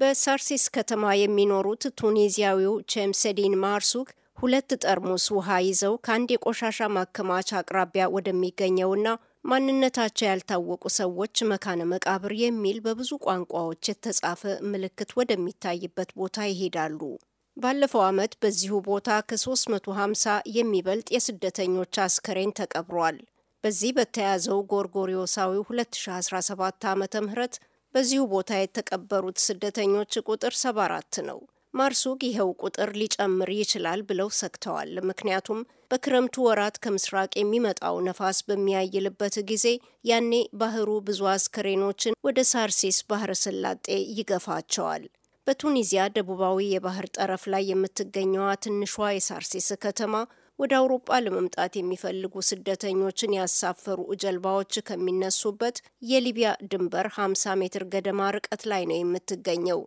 በሳርሲስ ከተማ የሚኖሩት ቱኒዚያዊው ቼምሰዲን ማርሱክ ሁለት ጠርሙስ ውሃ ይዘው ከአንድ የቆሻሻ ማከማቻ አቅራቢያ ወደሚገኘውና ማንነታቸው ያልታወቁ ሰዎች መካነ መቃብር የሚል በብዙ ቋንቋዎች የተጻፈ ምልክት ወደሚታይበት ቦታ ይሄዳሉ። ባለፈው ዓመት በዚሁ ቦታ ከ350 የሚበልጥ የስደተኞች አስከሬን ተቀብሯል። በዚህ በተያዘው ጎርጎሪዮሳዊ 2017 ዓ ም በዚሁ ቦታ የተቀበሩት ስደተኞች ቁጥር 74 ነው። ማርሱግ ይኸው ቁጥር ሊጨምር ይችላል ብለው ሰግተዋል። ምክንያቱም በክረምቱ ወራት ከምስራቅ የሚመጣው ነፋስ በሚያይልበት ጊዜ ያኔ ባህሩ ብዙ አስከሬኖችን ወደ ሳርሲስ ባህረ ሰላጤ ይገፋቸዋል። በቱኒዚያ ደቡባዊ የባህር ጠረፍ ላይ የምትገኘዋ ትንሿ የሳርሲስ ከተማ ወደ አውሮጳ ለመምጣት የሚፈልጉ ስደተኞችን ያሳፈሩ ጀልባዎች ከሚነሱበት የሊቢያ ድንበር 50 ሜትር ገደማ ርቀት ላይ ነው የምትገኘው።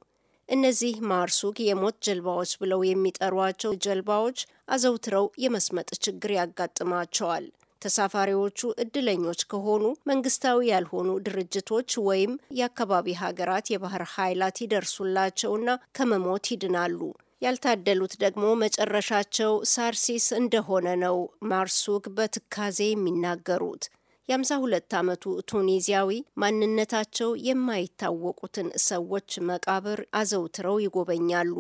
እነዚህ ማርሱክ የሞት ጀልባዎች ብለው የሚጠሯቸው ጀልባዎች አዘውትረው የመስመጥ ችግር ያጋጥማቸዋል። ተሳፋሪዎቹ እድለኞች ከሆኑ መንግስታዊ ያልሆኑ ድርጅቶች ወይም የአካባቢ ሀገራት የባህር ኃይላት ይደርሱላቸውና ከመሞት ይድናሉ። ያልታደሉት ደግሞ መጨረሻቸው ሳርሲስ እንደሆነ ነው ማርሱክ በትካዜ የሚናገሩት። የ52 ዓመቱ ቱኒዚያዊ ማንነታቸው የማይታወቁትን ሰዎች መቃብር አዘውትረው ይጎበኛሉ።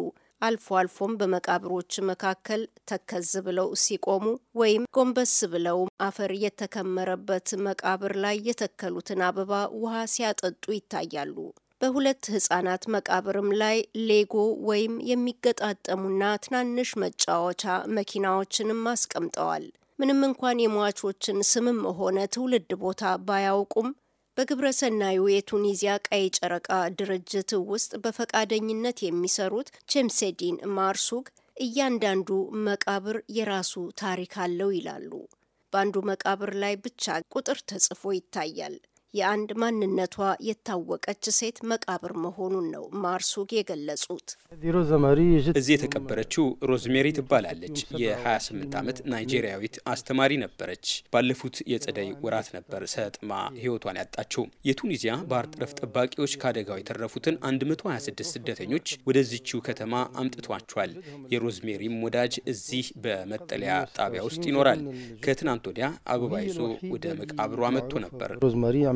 አልፎ አልፎም በመቃብሮች መካከል ተከዝ ብለው ሲቆሙ ወይም ጎንበስ ብለው አፈር የተከመረበት መቃብር ላይ የተከሉትን አበባ ውሃ ሲያጠጡ ይታያሉ። በሁለት ህጻናት መቃብርም ላይ ሌጎ ወይም የሚገጣጠሙና ትናንሽ መጫወቻ መኪናዎችንም አስቀምጠዋል። ምንም እንኳን የሟቾችን ስምም ሆነ ትውልድ ቦታ ባያውቁም በግብረ ሰናዩ የቱኒዚያ ቀይ ጨረቃ ድርጅት ውስጥ በፈቃደኝነት የሚሰሩት ቼምሴዲን ማርሱግ እያንዳንዱ መቃብር የራሱ ታሪክ አለው ይላሉ። በአንዱ መቃብር ላይ ብቻ ቁጥር ተጽፎ ይታያል። የአንድ ማንነቷ የታወቀች ሴት መቃብር መሆኑን ነው ማርሱግ የገለጹት። እዚህ የተቀበረችው ሮዝሜሪ ትባላለች። የ28 ዓመት ናይጄሪያዊት አስተማሪ ነበረች። ባለፉት የጸደይ ወራት ነበር ሰጥማ ህይወቷን ያጣችው። የቱኒዚያ ባህር ጠረፍ ጠባቂዎች ከአደጋው የተረፉትን 126 ስደተኞች ወደዚችው ከተማ አምጥቷቸዋል። የሮዝሜሪም ወዳጅ እዚህ በመጠለያ ጣቢያ ውስጥ ይኖራል። ከትናንት ወዲያ አበባ ይዞ ወደ መቃብሯ መጥቶ ነበር።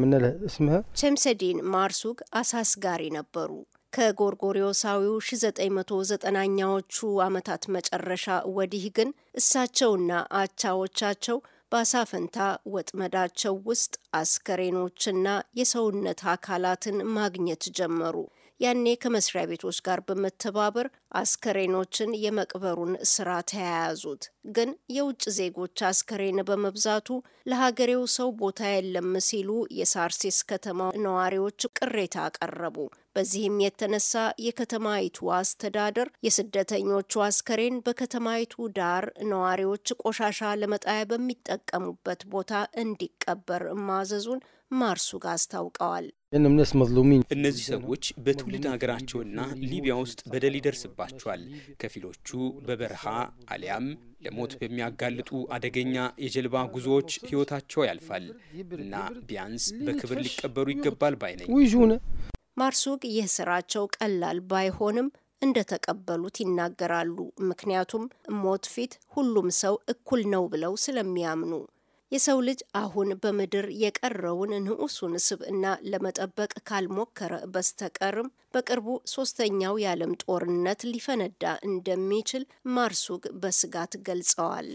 የምንል ስመ ቸምሰዲን ማርሱግ አሳስጋሪ ነበሩ። ከጎርጎሪዮሳዊው 1990ኛዎቹ ዓመታት መጨረሻ ወዲህ ግን እሳቸውና አቻዎቻቸው በአሳፈንታ ወጥመዳቸው ውስጥ አስከሬኖችና የሰውነት አካላትን ማግኘት ጀመሩ። ያኔ ከመስሪያ ቤቶች ጋር በመተባበር አስከሬኖችን የመቅበሩን ስራ ተያያዙት። ግን የውጭ ዜጎች አስከሬን በመብዛቱ ለሀገሬው ሰው ቦታ የለም ሲሉ የሳርሴስ ከተማ ነዋሪዎች ቅሬታ አቀረቡ። በዚህም የተነሳ የከተማይቱ አስተዳደር የስደተኞቹ አስከሬን በከተማይቱ ዳር ነዋሪዎች ቆሻሻ ለመጣያ በሚጠቀሙበት ቦታ እንዲቀበር ማዘዙን ማርሱግ አስታውቀዋል። እነዚህ ሰዎች በትውልድ ሀገራቸውና ሊቢያ ውስጥ በደል ይደርስባቸዋል። ከፊሎቹ በበረሃ አሊያም ለሞት በሚያጋልጡ አደገኛ የጀልባ ጉዞዎች ሕይወታቸው ያልፋል እና ቢያንስ በክብር ሊቀበሩ ይገባል ባይ ነኝ። ማርሱግ ይህ ስራቸው ቀላል ባይሆንም እንደተቀበሉት ይናገራሉ። ምክንያቱም ሞት ፊት ሁሉም ሰው እኩል ነው ብለው ስለሚያምኑ የሰው ልጅ አሁን በምድር የቀረውን ንዑሱን ስብዕና ለመጠበቅ ካልሞከረ በስተቀርም በቅርቡ ሶስተኛው የዓለም ጦርነት ሊፈነዳ እንደሚችል ማርሱግ በስጋት ገልጸዋል።